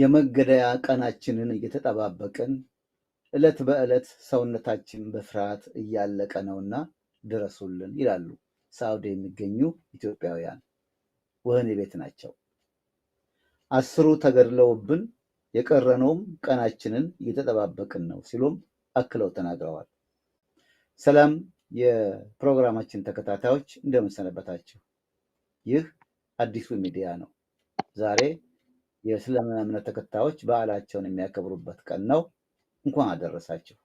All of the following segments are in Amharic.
የመገደያ ቀናችንን እየተጠባበቅን ዕለት በዕለት ሰውነታችን በፍርሃት እያለቀ ነውና ድረሱልን ይላሉ ሳውዲ የሚገኙ ኢትዮጵያውያን ወህኒ ቤት ናቸው። አስሩ ተገድለውብን የቀረነውም ቀናችንን እየተጠባበቅን ነው ሲሉም አክለው ተናግረዋል። ሰላም የፕሮግራማችን ተከታታዮች እንደምንሰነበታችሁ። ይህ አዲሱ ሚዲያ ነው። ዛሬ የእስልምና እምነት ተከታዮች በዓላቸውን የሚያከብሩበት ቀን ነው። እንኳን አደረሳችሁ።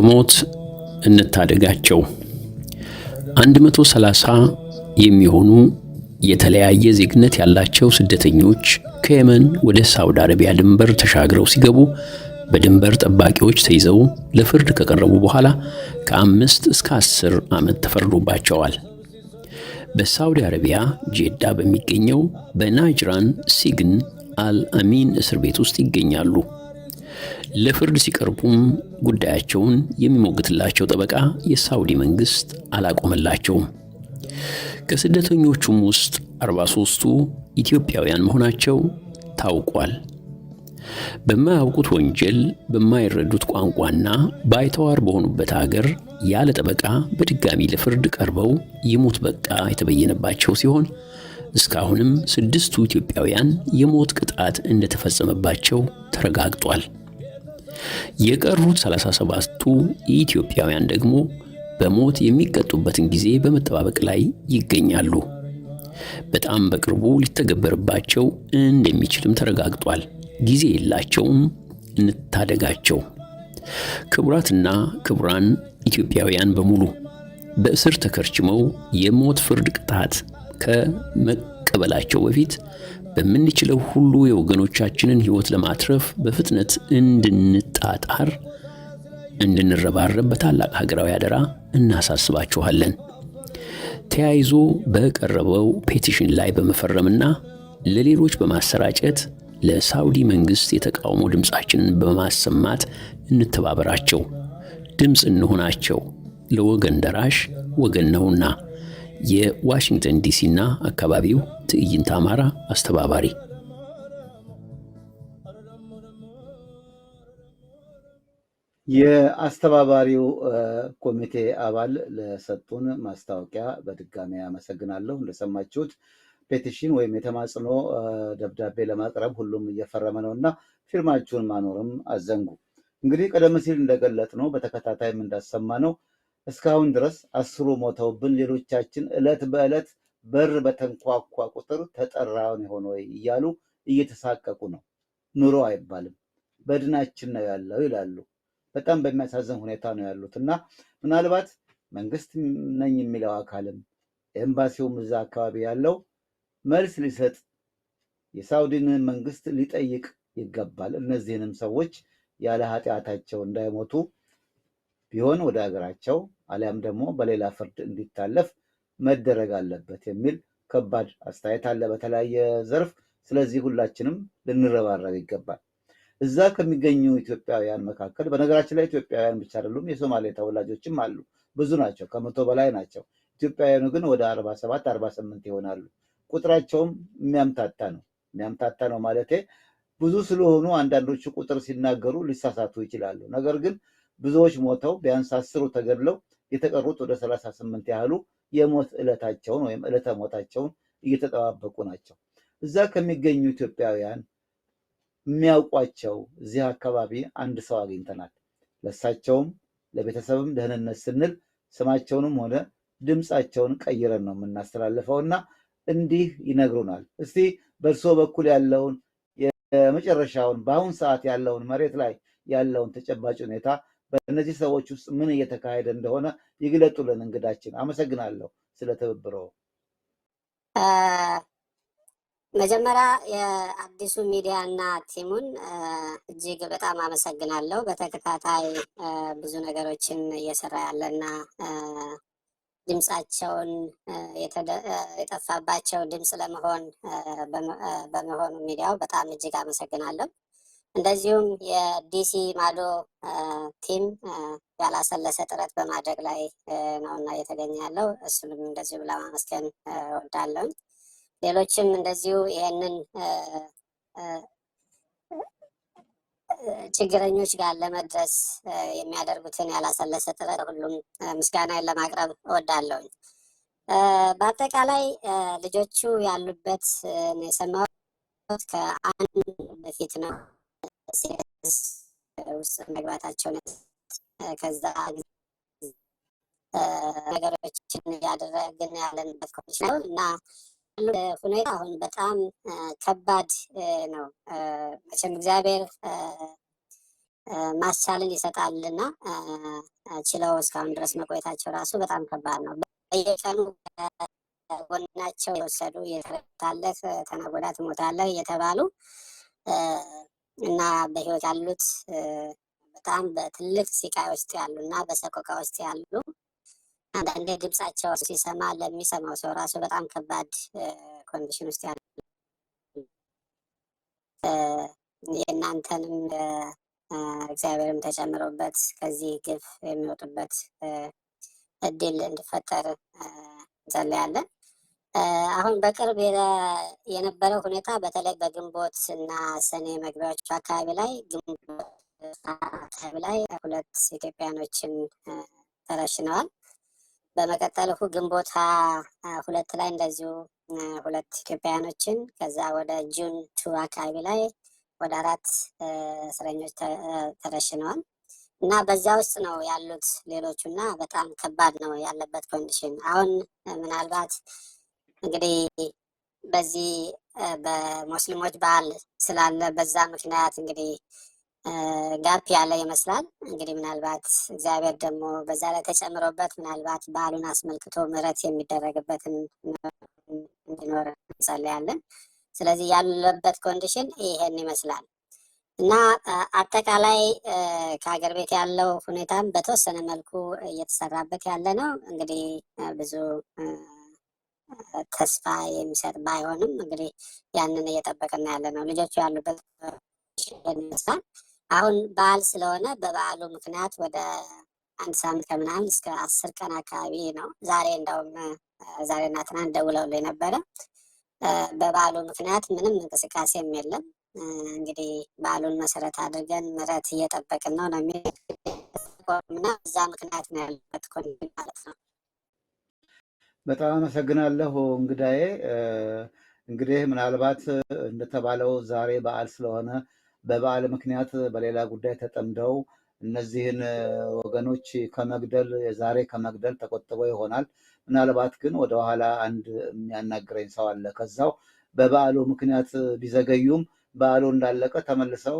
ከሞት እንታደጋቸው። 130 የሚሆኑ የተለያየ ዜግነት ያላቸው ስደተኞች ከየመን ወደ ሳውዲ አረቢያ ድንበር ተሻግረው ሲገቡ በድንበር ጠባቂዎች ተይዘው ለፍርድ ከቀረቡ በኋላ ከአምስት እስከ አስር ዓመት ተፈርዶባቸዋል። በሳውዲ አረቢያ ጄዳ በሚገኘው በናጅራን ሲግን አል አሚን እስር ቤት ውስጥ ይገኛሉ። ለፍርድ ሲቀርቡም ጉዳያቸውን የሚሞግትላቸው ጠበቃ የሳውዲ መንግስት አላቆመላቸውም። ከስደተኞቹም ውስጥ 43ቱ ኢትዮጵያውያን መሆናቸው ታውቋል። በማያውቁት ወንጀል በማይረዱት ቋንቋና ባይተዋር በሆኑበት አገር ያለ ጠበቃ በድጋሚ ለፍርድ ቀርበው የሞት በቃ የተበየነባቸው ሲሆን እስካሁንም ስድስቱ ኢትዮጵያውያን የሞት ቅጣት እንደተፈጸመባቸው ተረጋግጧል። የቀሩት 37ቱ ኢትዮጵያውያን ደግሞ በሞት የሚቀጡበትን ጊዜ በመጠባበቅ ላይ ይገኛሉ። በጣም በቅርቡ ሊተገበርባቸው እንደሚችልም ተረጋግጧል። ጊዜ የላቸውም፣ እንታደጋቸው። ክቡራትና ክቡራን ኢትዮጵያውያን በሙሉ በእስር ተከርችመው የሞት ፍርድ ቅጣት ከመቀበላቸው በፊት በምንችለው ሁሉ የወገኖቻችንን ሕይወት ለማትረፍ በፍጥነት እንድንጣጣር እንድንረባረብ በታላቅ ሀገራዊ አደራ እናሳስባችኋለን። ተያይዞ በቀረበው ፔቲሽን ላይ በመፈረምና ለሌሎች በማሰራጨት ለሳውዲ መንግስት የተቃውሞ ድምፃችንን በማሰማት እንተባበራቸው፣ ድምፅ እንሆናቸው። ለወገን ደራሽ ወገን ነውና። የዋሽንግተን ዲሲና አካባቢው ትዕይንት አማራ አስተባባሪ የአስተባባሪው ኮሚቴ አባል ለሰጡን ማስታወቂያ በድጋሚ አመሰግናለሁ። እንደሰማችሁት ፔቲሽን ወይም የተማጽኖ ደብዳቤ ለማቅረብ ሁሉም እየፈረመ ነው እና ፊርማችሁን ማኖርም አዘንጉ። እንግዲህ ቀደም ሲል እንደገለጥ ነው በተከታታይም እንዳሰማ ነው እስካሁን ድረስ አስሩ ሞተውብን ሌሎቻችን ዕለት በዕለት በር በተንኳኳ ቁጥር ተጠራን የሆነ ወይ እያሉ እየተሳቀቁ ነው። ኑሮ አይባልም በድናችን ነው ያለው ይላሉ። በጣም በሚያሳዝን ሁኔታ ነው ያሉት እና ምናልባት መንግስት ነኝ የሚለው አካልም ኤምባሲውም እዛ አካባቢ ያለው መልስ ሊሰጥ የሳውዲን መንግስት ሊጠይቅ ይገባል። እነዚህንም ሰዎች ያለ ኃጢአታቸው እንዳይሞቱ ቢሆን ወደ ሀገራቸው አሊያም ደግሞ በሌላ ፍርድ እንዲታለፍ መደረግ አለበት የሚል ከባድ አስተያየት አለ በተለያየ ዘርፍ። ስለዚህ ሁላችንም ልንረባረብ ይገባል። እዛ ከሚገኙ ኢትዮጵያውያን መካከል በነገራችን ላይ ኢትዮጵያውያን ብቻ አይደሉም፣ የሶማሌ ተወላጆችም አሉ። ብዙ ናቸው፣ ከመቶ በላይ ናቸው። ኢትዮጵያውያኑ ግን ወደ አርባ ሰባት አርባ ስምንት ይሆናሉ። ቁጥራቸውም የሚያምታታ ነው። የሚያምታታ ነው ማለቴ ብዙ ስለሆኑ አንዳንዶቹ ቁጥር ሲናገሩ ሊሳሳቱ ይችላሉ። ነገር ግን ብዙዎች ሞተው ቢያንስ አስሩ ተገድለው የተቀሩት ወደ ሰላሳ ያህሉ የሞት ዕለታቸውን ወይም ዕለተ ሞታቸውን እየተጠባበቁ ናቸው። እዛ ከሚገኙ ኢትዮጵያውያን የሚያውቋቸው እዚህ አካባቢ አንድ ሰው አግኝተናል። ለእሳቸውም ለቤተሰብም ደህንነት ስንል ስማቸውንም ሆነ ድምፃቸውን ቀይረን ነው የምናስተላልፈው እና እንዲህ ይነግሩናል። እስቲ በእርስዎ በኩል ያለውን የመጨረሻውን በአሁን ሰዓት ያለውን መሬት ላይ ያለውን ተጨባጭ ሁኔታ በእነዚህ ሰዎች ውስጥ ምን እየተካሄደ እንደሆነ ይግለጡልን። እንግዳችን አመሰግናለሁ ስለ ትብብሮ። መጀመሪያ የአዲሱ ሚዲያ እና ቲሙን እጅግ በጣም አመሰግናለሁ። በተከታታይ ብዙ ነገሮችን እየሰራ ያለና ድምፃቸውን የጠፋባቸው ድምፅ ለመሆን በመሆኑ ሚዲያው በጣም እጅግ አመሰግናለሁ። እንደዚሁም የዲሲ ማዶ ቲም ያላሰለሰ ጥረት በማድረግ ላይ ነውና እየተገኘ ያለው እሱንም እንደዚሁ ለማመስገን ወዳለሁኝ። ሌሎችም እንደዚሁ ይህንን ችግረኞች ጋር ለመድረስ የሚያደርጉትን ያላሰለሰ ጥረት ሁሉም ምስጋናን ለማቅረብ እወዳለሁኝ። በአጠቃላይ ልጆቹ ያሉበት የሰማሁት ከአንድ በፊት ነው ሴቶች ውስጥ መግባታቸውን ከዛ ነገሮችን እያደረግን ያለንበት ኮች ነው እና ሁኔታ አሁን በጣም ከባድ ነው። መቼም እግዚአብሔር ማስቻልን ይሰጣልና ችለው እስካሁን ድረስ መቆየታቸው ራሱ በጣም ከባድ ነው። በየቀኑ ጎናቸው የወሰዱ የተረታለህ ተነጎዳ ትሞታለህ እየተባሉ እና በህይወት ያሉት በጣም በትልቅ ስቃይ ውስጥ ያሉ እና በሰቆቃ ውስጥ ያሉ አንዳንዴ ድምጻቸው ሲሰማ ለሚሰማው ሰው ራሱ በጣም ከባድ ኮንዲሽን ውስጥ ያሉ የእናንተንም እግዚአብሔርም ተጨምሮበት ከዚህ ግፍ የሚወጡበት እድል እንዲፈጠር እንጸለያለን። አሁን በቅርብ የነበረው ሁኔታ በተለይ በግንቦት እና ሰኔ መግቢያዎቹ አካባቢ ላይ ግንቦት አካባቢ ላይ ሁለት ኢትዮጵያኖችን ተረሽነዋል። በመቀጠል ግንቦት ሁለት ላይ እንደዚሁ ሁለት ኢትዮጵያውያኖችን ከዛ ወደ ጁን ቱ አካባቢ ላይ ወደ አራት እስረኞች ተረሽነዋል እና በዛ ውስጥ ነው ያሉት ሌሎቹ እና በጣም ከባድ ነው ያለበት ኮንዲሽን አሁን ምናልባት እንግዲህ በዚህ በሙስሊሞች በዓል ስላለ በዛ ምክንያት እንግዲህ ጋፕ ያለ ይመስላል። እንግዲህ ምናልባት እግዚአብሔር ደግሞ በዛ ላይ ተጨምሮበት ምናልባት በዓሉን አስመልክቶ ምሕረት የሚደረግበትን እንዲኖር እንጸልያለን። ስለዚህ ያለበት ኮንዲሽን ይሄን ይመስላል እና አጠቃላይ ከሀገር ቤት ያለው ሁኔታም በተወሰነ መልኩ እየተሰራበት ያለ ነው። እንግዲህ ብዙ ተስፋ የሚሰጥ ባይሆንም እንግዲህ ያንን እየጠበቅና ያለ ነው። ልጆቹ ያሉበት ይመስላል። አሁን በዓል ስለሆነ በበዓሉ ምክንያት ወደ አንድ ሳምንት ከምናምን እስከ አስር ቀን አካባቢ ነው። ዛሬ እንደውም ዛሬና ትናንት ደውለውልኝ ነበረ። በበዓሉ ምክንያት ምንም እንቅስቃሴም የለም። እንግዲህ በዓሉን መሰረት አድርገን ምረት እየጠበቅን ነው ነው የሚል እዛ ምክንያት ነው ያለበት ኮ ማለት ነው። በጣም አመሰግናለሁ እንግዳዬ። እንግዲህ ምናልባት እንደተባለው ዛሬ በዓል ስለሆነ በበዓል ምክንያት በሌላ ጉዳይ ተጠምደው እነዚህን ወገኖች ከመግደል የዛሬ ከመግደል ተቆጥበው ይሆናል። ምናልባት ግን ወደኋላ አንድ የሚያናግረኝ ሰው አለ። ከዛው በበዓሉ ምክንያት ቢዘገዩም በዓሉ እንዳለቀ ተመልሰው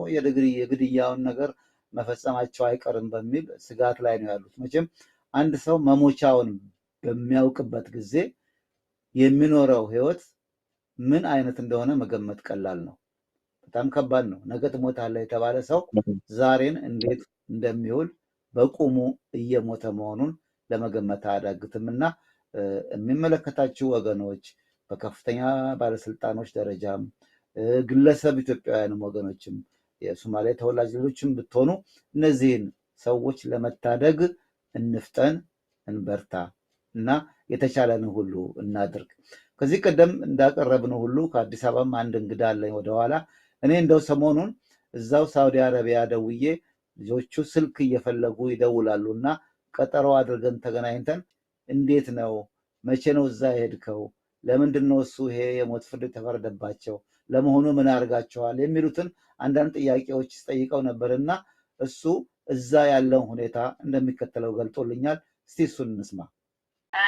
የግድያውን ነገር መፈጸማቸው አይቀርም በሚል ስጋት ላይ ነው ያሉት። መቼም አንድ ሰው መሞቻውን በሚያውቅበት ጊዜ የሚኖረው ህይወት ምን አይነት እንደሆነ መገመት ቀላል ነው። በጣም ከባድ ነው። ነገ ትሞታለህ የተባለ ሰው ዛሬን እንዴት እንደሚውል በቁሙ እየሞተ መሆኑን ለመገመት አያዳግትም እና የሚመለከታችሁ ወገኖች በከፍተኛ ባለስልጣኖች ደረጃም ግለሰብ ኢትዮጵያውያንም ወገኖችም የሶማሊያ ተወላጅ ሌሎችም ብትሆኑ እነዚህን ሰዎች ለመታደግ እንፍጠን፣ እንበርታ። እና የተቻለንን ሁሉ እናድርግ። ከዚህ ቀደም እንዳቀረብነው ሁሉ ከአዲስ አበባም አንድ እንግዳ አለኝ ወደኋላ። እኔ እንደው ሰሞኑን እዛው ሳውዲ አረቢያ ደውዬ ልጆቹ ስልክ እየፈለጉ ይደውላሉ እና ቀጠሮ አድርገን ተገናኝተን እንዴት ነው መቼ ነው እዛ የሄድከው? ለምንድን ነው እሱ ይሄ የሞት ፍርድ የተፈረደባቸው? ለመሆኑ ምን አድርጋችኋል? የሚሉትን አንዳንድ ጥያቄዎች ስጠይቀው ነበር እና እሱ እዛ ያለውን ሁኔታ እንደሚከተለው ገልጦልኛል። እስቲ እሱን እንስማ።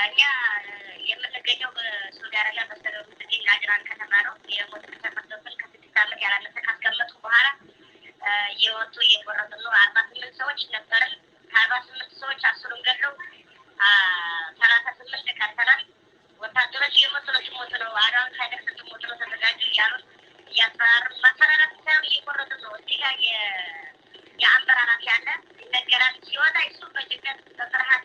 እኛ የምንገኘው በሳውዲ አረቢያ በምትገኝ ናጅራን ከተማ ነው። የሞት ተፈርዶብን ከስድስት ዓመት ያላነሰ ካስቀመጥኩ በኋላ የወጡ የቆረጡ ነው። አርባ ስምንት ሰዎች ነበርን። ከአርባ ስምንት ሰዎች አስሩን ገድለው ሰላሳ ስምንት ቀርተናል። ወታደሮች የሞት ነው ሲሞት ነው አዳን ሳይደርስ ሲሞት ነው ተዘጋጁ እያሉን እያስፈራሩ ማስፈራራት ሳይሆን እየቆረጡ ነው። እዚህ ጋር የአንበራራት ያለ ይነገራል ሲወጣ እሱ በጭንቀት በፍርሀት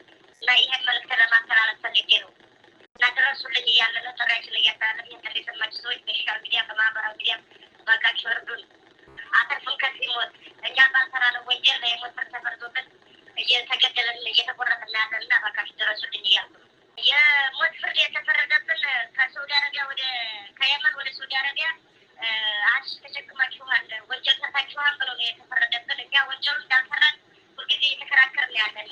ላይ ይህን መልእክት ለማስተላለፍ ፈልጌ ነው እና ድረሱልኝ እያለ ነው ጥሪያችን እያስተላለፍ ይህን ጥሪ የሰማችሁ ሰዎች በሶሻል ሚዲያ በማህበራዊ ሚዲያ ባካችሁ እርዱን፣ አተርፉን ከዚህ ሞት። እኛ ባልሰራነው ወንጀል ላይ ሞት ፍርድ ተፈርዶብን እየተገደለን እየተቆረጥን ያለን እና ባካችሁ ድረሱልኝ እያሉ ነው። የሞት ፍርድ የተፈረደብን ከሳውዲ አረቢያ ወደ ከየመን ወደ ሳውዲ አረቢያ አዲስ ተሸክማችኋል፣ ወንጀል ሰርታችኋል ብሎ ነው የተፈረደብን። እኛ ወንጀሉ እንዳልሰራን ሁልጊዜ እየተከራከርን ያለን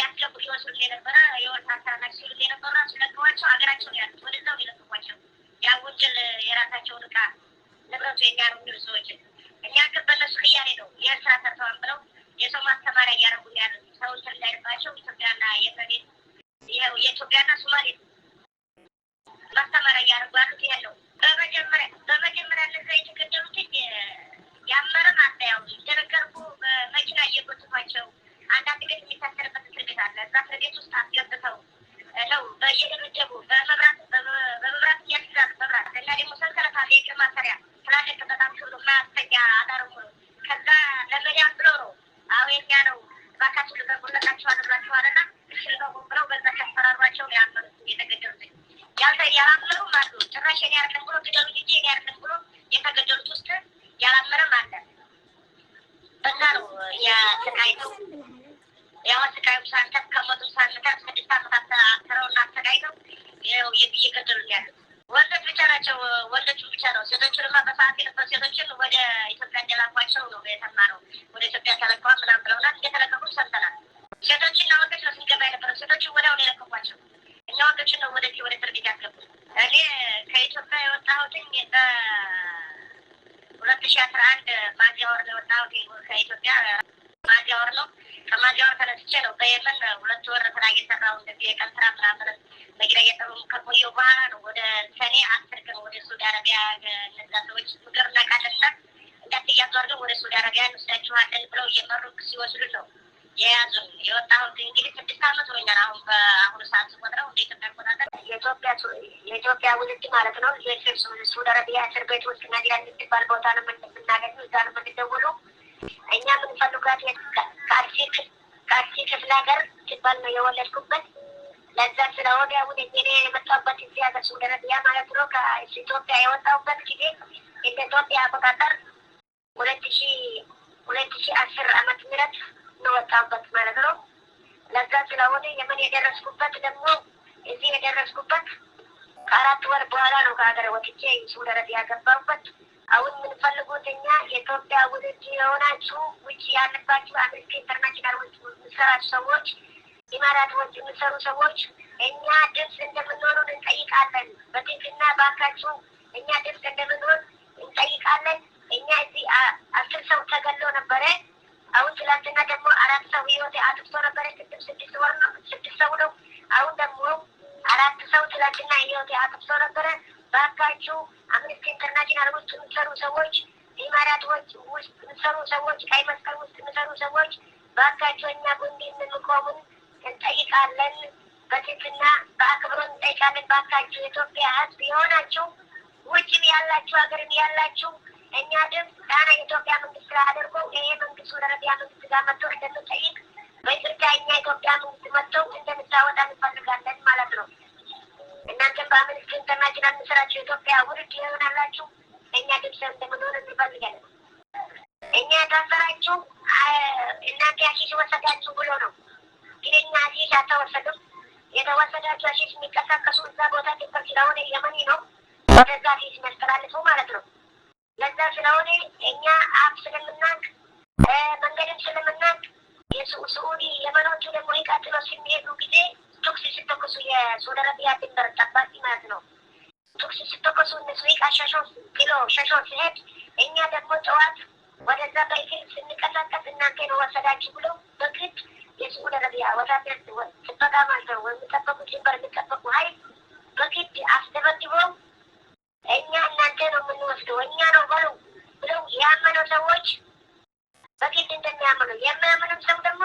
ያስገቡ ይወስዱ የነበረ የወት ሀሳብ ሲሉ የነበሩ ራሱ ለቀዋቸው ሀገራቸውን ያሉት ወደዛው የለቀቋቸው ያውጭል የራሳቸውን እቃ ንብረቱ የሚያሩ የሚሉ ሰዎችን እኛ ግን በእነሱ ቅያኔ ነው የስራ ሰርተዋል ብለው የሰው ማስተማሪያ እያደረጉ ያሉ ሰዎች እንዳይባቸው ኢትዮጵያና የሰቤት የኢትዮጵያና ሶማሌ ማስተማሪያ እያደረጉ ያሉት ይሄ ነው። በመጀመሪያ በመጀመሪያ እነዛ የተገደሉትን የአመረም አታያው ደነገርኩ መኪና እየጎትቷቸው አንዳንድ ቤት የሚታሰርበት እስር ቤት አለ። እዛ እስር ቤት ውስጥ አስገብተው ነው እየደበደቡ በመብራት በመብራት እያስዛሉ መብራት እና ደግሞ ሰንሰለት የእግር ማሰሪያ ስላለቅ በጣም ክብሎ ማያስተኛ አዳርሙ ነው። ከዛ ለመዳን ብሎ ነው አሁ የኛ ነው ባካችሁ ልቀቁ እንለቃችኋል እና እሺ ልቀቁ ብለው በዛ ሲያስፈራሯቸው ነው ያመኑት የተገደሉት። ያልተ ያላመኑም አሉ ጭራሽ እኔ አይደለም ብሎ ግደሉ ልጄ እኔ አይደለም ብሎ የተገደሉት ውስጥ ያላመነም አለ። በዛ ነው ተካይተው ያው አስቃዩ ሳንተፍ ከመቶ ሳንታት ስድስት ዓመታት አስረውና አሰቃይተው ው ገደሉ ያሉት ወንዶች ብቻ ናቸው። ወንዶች ብቻ ነው። ሴቶችንማ በሰዓት የነበሩ ሴቶችን ወደ ኢትዮጵያ እንደላኳቸው ነው የተማረው። ወደ ኢትዮጵያ ተለቀዋ ምናምን ብለውናል። እየተለቀቁ ሰምተናል። ሴቶችና ወንዶች ነው ስንገባ የነበረው። ሴቶችን ወዲያው ነው የለቀቋቸው። እኛ ወንዶችን ነው ወደ ወደ እስር ቤት ያስገቡ። እኔ ከኢትዮጵያ የወጣሁትኝ በሁለት ሺ አስራ አንድ ማዚያ ወር ነው የወጣሁት ከኢትዮጵያ ማዚያ ወር ነው ከማዲዋ ተነስቼ ነው በየመን ሁለት ወር ስራ እየሰራሁ እንደዚህ የቀን ስራ ምናምን መኪና እየሰሩ ከቆየሁ በኋላ ነው ወደ ሰኔ አስር ቀን ወደ ሳውዲ አረቢያ እነዛ ሰዎች ምግብ እናቃለንና እንዳትያዙ አድርገው ወደ ሳውዲ አረቢያ እንወስዳችኋለን ብለው እየመሩ ሲወስዱ ነው የያዙን። የወጣሁት እንግዲህ ስድስት አመት ሆኛል። አሁን በአሁኑ ሰዓት ስቆጥረው እንደ ኢትዮጵያ አቆጣጠር የኢትዮጵያ የኢትዮጵያ ውልድ ማለት ነው። ልጆች ሳውዲ አረቢያ እስር ቤት ውስጥ ናዚራ የምትባል ቦታ ነው የምናገኘው። እዛ ነው የምንደውሉ እኛ የምንፈልጋት ከአርሲ ክፍለ ሀገር ሲባል ነው የወለድኩበት። ለዛ ስለሆነ አሁን እኔ የመጣሁበት እዚህ ሀገር ሱደረቢያ ማለት ነው። ከኢትዮጵያ የወጣሁበት ጊዜ እንደ ኢትዮጵያ አቆጣጠር ሁለት ሺ ሁለት ሺ አስር አመት ምረት ነው ወጣሁበት ማለት ነው። ለዛ ስለሆነ የምን የደረስኩበት ደግሞ እዚህ የደረስኩበት ከአራት ወር በኋላ ነው ከሀገር ወጥቼ ሱደረቢያ ገባሁበት። አሁን የምንፈልጉት እኛ የኢትዮጵያ ውድድ የሆናችሁ ውጭ ያለባችሁ አሜሪካ ኢንተርናሽናል ውጭ የምሰራችሁ ሰዎች፣ ኢማራት ውጭ የምሰሩ ሰዎች እኛ ድምፅ እንደምንሆኑ እንጠይቃለን። በትንክና ባካችሁ እኛ ድምፅ እንደምንሆን እንጠይቃለን። እኛ እዚህ አስር ሰው ተገሎ ነበረ። አሁን ትላንትና ደግሞ አራት ሰው ህይወት አጥፍቶ ነበረ። ቅድም ስድስት ወር ነው ስድስት ሰው ነው። አሁን ደግሞ አራት ሰው ትላንትና ህይወት አጥፍቶ ነበረ። ባካችሁ አምነስቲ ኢንተርናሽናል ውስጥ የምትሰሩ ሰዎች፣ ኢማራት ውስጥ የምትሰሩ ሰዎች፣ ቀይ መስቀል ውስጥ የምትሰሩ ሰዎች ባካችሁ እኛ ጎን የምንቆሙን እንጠይቃለን። በትትና በአክብሮ እንጠይቃለን። ባካችሁ የኢትዮጵያ ሕዝብ የሆናችሁ ውጭም ያላችሁ ሀገርም ያላችሁ እኛ ድምፅ ዳና የኢትዮጵያ መንግስት ጋር አድርጎ ይሄ መንግስት ወደ ረቢያ መንግስት ጋር መጥቶ እንደምንጠይቅ በይቅርታ እኛ ኢትዮጵያ መንግስት መጥተው እንደምታወጣ እንፈልጋለን ማለት ነው። እናንተም በአመት ስንተናችን አምስራችሁ ኢትዮጵያ ውድድ ይሆናላችሁ። እኛ ድምፅ እንደምንሆን እንፈልጋለን። እኛ ታሰራችሁ እናንተ አሺሽ ወሰዳችሁ ብሎ ነው። ግን እኛ አሺሽ አልተወሰድም። የተወሰዳችሁ አሺሽ የሚቀሳቀሱ እዛ ቦታ ድንበር ስለሆነ የመኒ ነው ወደዛ አሺሽ የሚያስተላልፉ ማለት ነው። ለዛ ስለሆነ እኛ አፍ ስለምናቅ መንገድም ስለምናቅ የሱዑዲ የመኖቹ ደግሞ ይቃጥሎ ሲሚሄዱ ጊዜ ቶክስ ሲተኮሱ የሶደረቢያ ድንበር ጠባቂ ማለት ነው። ቶክስ ሲተኮሱ እነሱ ቃ ኪሎ ሸሾ ሲሄድ እኛ ደግሞ ጠዋት ወደዛ በይክል ስንቀሳቀስ እናንተ ነው ወሰዳችሁ ብሎ በግድ የስዑድ አረቢያ ወታደር ጥበቃ ማለት ነው የሚጠበቁት ድንበር የሚጠበቁ ሀይል በግድ አስደበድበው እኛ እናንተ ነው የምንወስደው እኛ ነው በሉ ብለው ያመኑ ሰዎች በግድ እንደሚያምኑ የሚያምኑም ሰው ደግሞ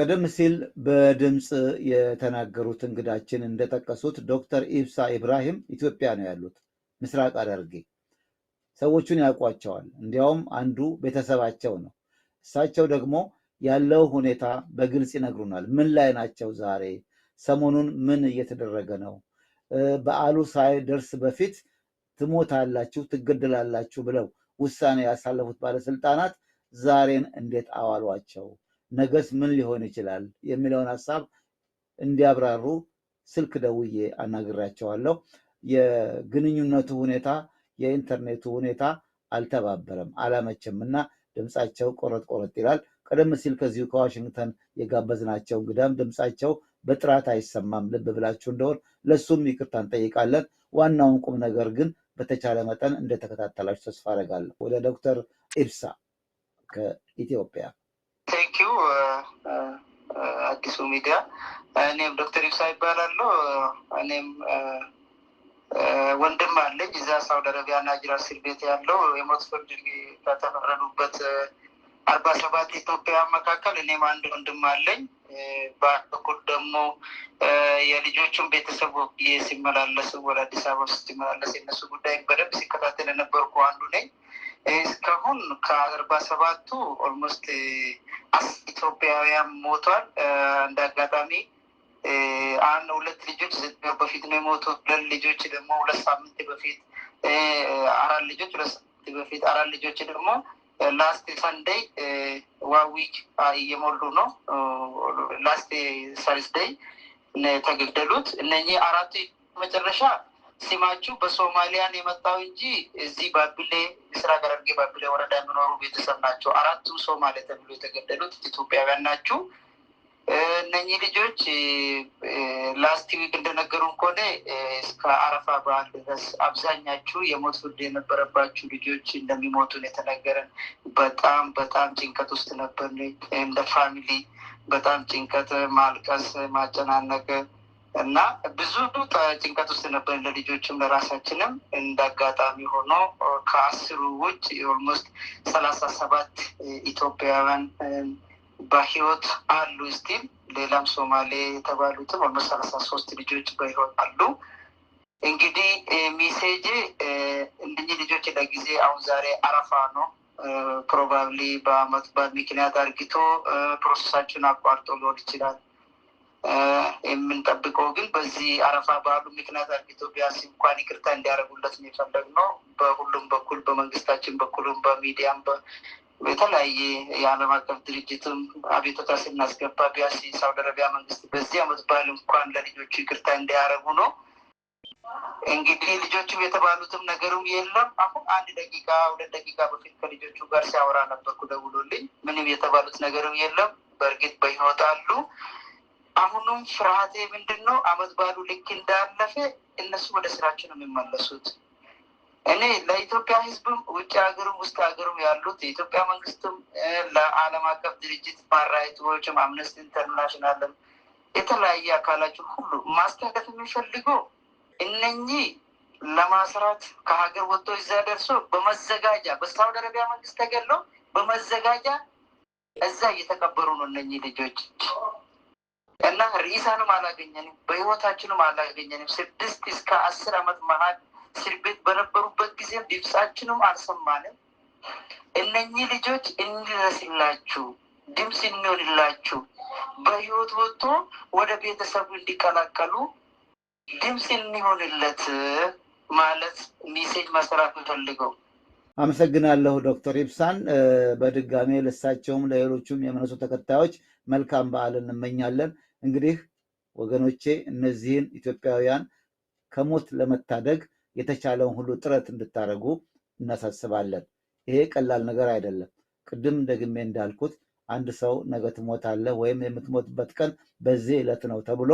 ቅድም ሲል በድምፅ የተናገሩት እንግዳችን እንደጠቀሱት ዶክተር ኢብሳ ኢብራሂም ኢትዮጵያ ነው ያሉት፣ ምስራቅ ሐረርጌ። ሰዎቹን ያውቋቸዋል። እንዲያውም አንዱ ቤተሰባቸው ነው። እሳቸው ደግሞ ያለው ሁኔታ በግልጽ ይነግሩናል። ምን ላይ ናቸው ዛሬ? ሰሞኑን ምን እየተደረገ ነው? በዓሉ ሳይደርስ በፊት ትሞታላችሁ፣ ትገደላላችሁ ብለው ውሳኔ ያሳለፉት ባለስልጣናት ዛሬን እንዴት አዋሏቸው? ነገስ ምን ሊሆን ይችላል የሚለውን ሀሳብ እንዲያብራሩ ስልክ ደውዬ አናግሬያቸዋለሁ። የግንኙነቱ ሁኔታ የኢንተርኔቱ ሁኔታ አልተባበረም፣ አላመችም እና ድምፃቸው ቆረጥ ቆረጥ ይላል። ቀደም ሲል ከዚሁ ከዋሽንግተን የጋበዝናቸው እንግዳም ድምፃቸው በጥራት አይሰማም፣ ልብ ብላችሁ እንደሆን ለእሱም ይቅርታ እንጠይቃለን። ዋናውን ቁም ነገር ግን በተቻለ መጠን እንደተከታተላችሁ ተስፋ አደርጋለሁ። ወደ ዶክተር ኢብሳ ከኢትዮጵያ ዩ አዲሱ ሚዲያ። እኔም ዶክተር ይብሳ ይባላሉ። እኔም ወንድም አለኝ እዛ ሳውዲ አረቢያ ናጅራ እስር ቤት ያለው የሞት ፍርድ በተፈረዱበት አርባ ሰባት ኢትዮጵያ መካከል እኔም አንድ ወንድም አለኝ። በኩል ደግሞ የልጆቹን ቤተሰቡ ሲመላለሱ ወደ አዲስ አበባ ሲመላለስ የነሱ ጉዳይ በደንብ ሲከታተል የነበርኩ አንዱ ነኝ። እስካሁን ከአርባ ሰባቱ ኦልሞስት አስር ኢትዮጵያውያን ሞቷል። እንደ አጋጣሚ አንድ ሁለት ልጆች ዘጠኝ በፊት ነው የሞቱት። ሁለት ልጆች ደግሞ ሁለት ሳምንት በፊት አራት ልጆች ሁለት ሳምንት በፊት አራት ልጆች ደግሞ ላስት ሰንደይ ዋዊክ እየሞሉ ነው። ላስት ሰርስደይ ተገደሉት። እነኚህ አራቱ መጨረሻ ሲማችሁ በሶማሊያን የመጣው እንጂ እዚህ ባቢሌ ምስራቅ ሐረርጌ ባቢሌ ወረዳ የሚኖሩ ቤተሰብ ናቸው። አራቱ ሶማሌ ተብሎ የተገደሉት ኢትዮጵያውያን ናችሁ። እነኚህ ልጆች ላስት ዊክ እንደነገሩን ከሆነ እስከ አረፋ በዓል ድረስ አብዛኛችሁ የሞት ፍርድ የነበረባችሁ ልጆች እንደሚሞቱን የተነገረን፣ በጣም በጣም ጭንቀት ውስጥ ነበር። እንደ ፋሚሊ በጣም ጭንቀት፣ ማልቀስ፣ ማጨናነቅ እና ብዙ ጭንቀት ውስጥ ነበርን ለልጆችም ለራሳችንም። እንዳጋጣሚ ሆኖ ከአስሩ ውጭ ኦልሞስት ሰላሳ ሰባት ኢትዮጵያውያን በህይወት አሉ እስቲም ሌላም ሶማሌ የተባሉትም ኦልሞስት ሰላሳ ሶስት ልጆች በህይወት አሉ። እንግዲህ ሚሴጅ እንድኝ ልጆች ለጊዜ አሁን ዛሬ አረፋ ነው ፕሮባብሊ በአመት ምክንያት አርግቶ ፕሮሰሳችን አቋርጦ ሊሆን ይችላል የምንጠብቀው ግን በዚህ አረፋ በዓሉ ምክንያት አርቢቶ ቢያንስ እንኳን ይቅርታ እንዲያደርጉለት ነው። በሁሉም በኩል በመንግስታችን በኩልም በሚዲያም የተለያየ የዓለም አቀፍ ድርጅትም አቤቱታ ስናስገባ ቢያንስ ሳውዲ አረቢያ መንግስት በዚህ አመት በዓል እንኳን ለልጆቹ ይቅርታ እንዲያደርጉ ነው። እንግዲህ ልጆቹም የተባሉትም ነገሩም የለም። አሁን አንድ ደቂቃ ሁለት ደቂቃ በፊት ከልጆቹ ጋር ሲያወራ ነበርኩ ደውሎልኝ። ምንም የተባሉት ነገርም የለም። በእርግጥ በሕይወት አሉ። አሁኑም ፍርሃቴ ምንድን ነው? አመት ባሉ ልክ እንዳለፈ እነሱ ወደ ስራቸው ነው የሚመለሱት። እኔ ለኢትዮጵያ ሕዝብም ውጭ ሀገርም ውስጥ ሀገርም ያሉት የኢትዮጵያ መንግስትም ለዓለም አቀፍ ድርጅት ማራይቶዎችም አምነስቲ ኢንተርናሽናልም የተለያየ አካላችን ሁሉ ማስታቀፍ የሚፈልገው እነኚህ ለማስራት ከሀገር ወጥቶ እዛ ደርሶ በመዘጋጃ በሳውዲ አረቢያ መንግስት ተገለው በመዘጋጃ እዛ እየተቀበሩ ነው እነኚህ ልጆች እና ርኢሳንም አላገኘንም፣ በህይወታችንም አላገኘንም። ስድስት እስከ አስር አመት መሀል እስር ቤት በነበሩበት ጊዜ ድምፃችንም አልሰማንም። እነኚህ ልጆች እንድረስላችሁ፣ ድምፅ እንሆንላችሁ፣ በህይወት ወጥቶ ወደ ቤተሰቡ እንዲቀላቀሉ ድምፅ እንሆንለት ማለት ሚሴጅ መሰራት ንፈልገው። አመሰግናለሁ ዶክተር ኢብሳን። በድጋሜ ለሳቸውም ለሌሎቹም የመነሱ ተከታዮች መልካም በዓል እንመኛለን። እንግዲህ ወገኖቼ እነዚህን ኢትዮጵያውያን ከሞት ለመታደግ የተቻለውን ሁሉ ጥረት እንድታደርጉ እናሳስባለን። ይሄ ቀላል ነገር አይደለም። ቅድም ደግሜ እንዳልኩት አንድ ሰው ነገ ትሞታለህ ወይም የምትሞትበት ቀን በዚህ ዕለት ነው ተብሎ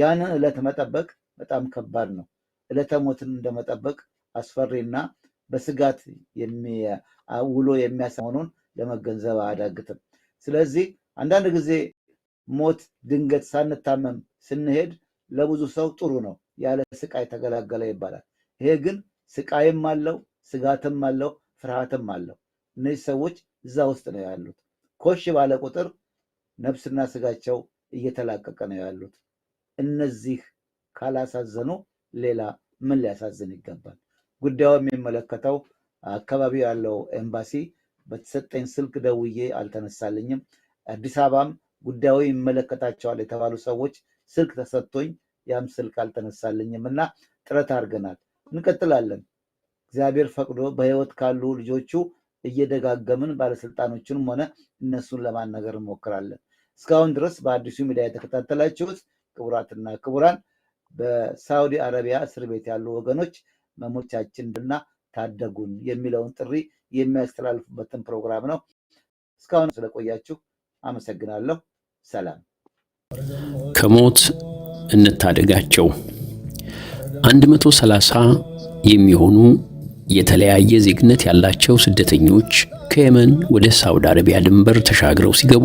ያንን ዕለት መጠበቅ በጣም ከባድ ነው። ዕለተ ሞትን እንደመጠበቅ አስፈሪና በስጋት ውሎ የሚያሳሆኑን ለመገንዘብ አያዳግትም። ስለዚህ አንዳንድ ጊዜ ሞት ድንገት ሳንታመም ስንሄድ ለብዙ ሰው ጥሩ ነው፣ ያለ ስቃይ ተገላገለ ይባላል። ይሄ ግን ስቃይም አለው፣ ስጋትም አለው፣ ፍርሃትም አለው። እነዚህ ሰዎች እዛ ውስጥ ነው ያሉት። ኮሽ ባለ ቁጥር ነፍስና ስጋቸው እየተላቀቀ ነው ያሉት። እነዚህ ካላሳዘኑ ሌላ ምን ሊያሳዝን ይገባል? ጉዳዩ የሚመለከተው አካባቢው ያለው ኤምባሲ በተሰጠኝ ስልክ ደውዬ አልተነሳልኝም። አዲስ አበባም ጉዳዩ ይመለከታቸዋል የተባሉ ሰዎች ስልክ ተሰጥቶኝ ያም ስልክ አልተነሳልኝም እና ጥረት አድርገናል። እንቀጥላለን። እግዚአብሔር ፈቅዶ በህይወት ካሉ ልጆቹ እየደጋገምን ባለስልጣኖችንም ሆነ እነሱን ለማናገር እንሞክራለን። እስካሁን ድረስ በአዲሱ ሚዲያ የተከታተላችሁት ክቡራትና ክቡራን በሳዑዲ አረቢያ እስር ቤት ያሉ ወገኖች መሞቻችን እና ታደጉን የሚለውን ጥሪ የሚያስተላልፉበትን ፕሮግራም ነው። እስካሁን ስለቆያችሁ አመሰግናለሁ። ሰላም። ከሞት እንታደጋቸው። 130 የሚሆኑ የተለያየ ዜግነት ያላቸው ስደተኞች ከየመን ወደ ሳውዲ አረቢያ ድንበር ተሻግረው ሲገቡ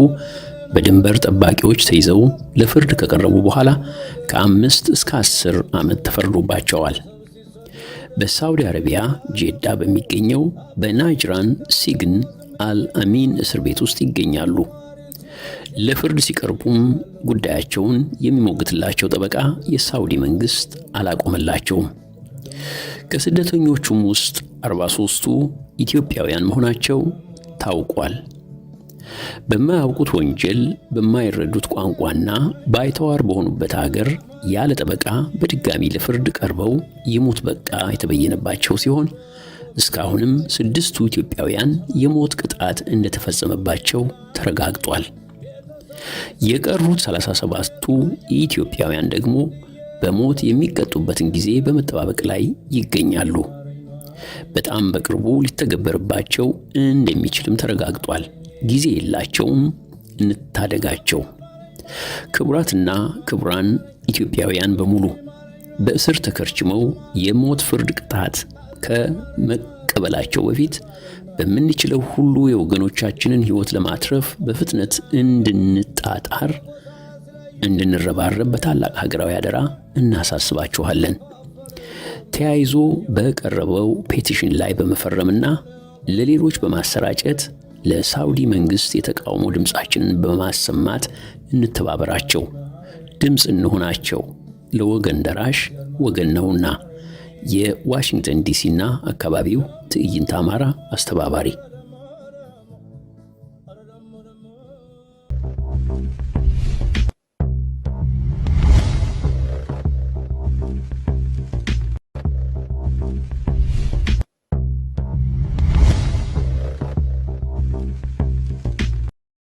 በድንበር ጠባቂዎች ተይዘው ለፍርድ ከቀረቡ በኋላ ከአምስት እስከ አስር ዓመት ተፈርዶባቸዋል። በሳውዲ አረቢያ ጄዳ በሚገኘው በናጅራን ሲግን አልአሚን እስር ቤት ውስጥ ይገኛሉ። ለፍርድ ሲቀርቡም ጉዳያቸውን የሚሞግትላቸው ጠበቃ የሳውዲ መንግስት አላቆመላቸውም። ከስደተኞቹም ውስጥ 43ቱ ኢትዮጵያውያን መሆናቸው ታውቋል። በማያውቁት ወንጀል በማይረዱት ቋንቋና ባይተዋር በሆኑበት አገር ያለ ጠበቃ በድጋሚ ለፍርድ ቀርበው የሞት በቃ የተበየነባቸው ሲሆን እስካሁንም ስድስቱ ኢትዮጵያውያን የሞት ቅጣት እንደተፈጸመባቸው ተረጋግጧል። የቀሩት 37ቱ ኢትዮጵያውያን ደግሞ በሞት የሚቀጡበትን ጊዜ በመጠባበቅ ላይ ይገኛሉ። በጣም በቅርቡ ሊተገበርባቸው እንደሚችልም ተረጋግጧል። ጊዜ የላቸውም፣ እንታደጋቸው። ክቡራትና ክቡራን ኢትዮጵያውያን በሙሉ በእስር ተከርችመው የሞት ፍርድ ቅጣት ከመቀበላቸው በፊት በምንችለው ሁሉ የወገኖቻችንን ሕይወት ለማትረፍ በፍጥነት እንድንጣጣር እንድንረባረብ በታላቅ ሀገራዊ አደራ እናሳስባችኋለን። ተያይዞ በቀረበው ፔቲሽን ላይ በመፈረምና ለሌሎች በማሰራጨት ለሳውዲ መንግስት የተቃውሞ ድምፃችንን በማሰማት እንተባበራቸው፣ ድምፅ እንሆናቸው። ለወገን ደራሽ ወገን ነውና የዋሽንግተን ዲሲና አካባቢው ትዕይንት አማራ አስተባባሪ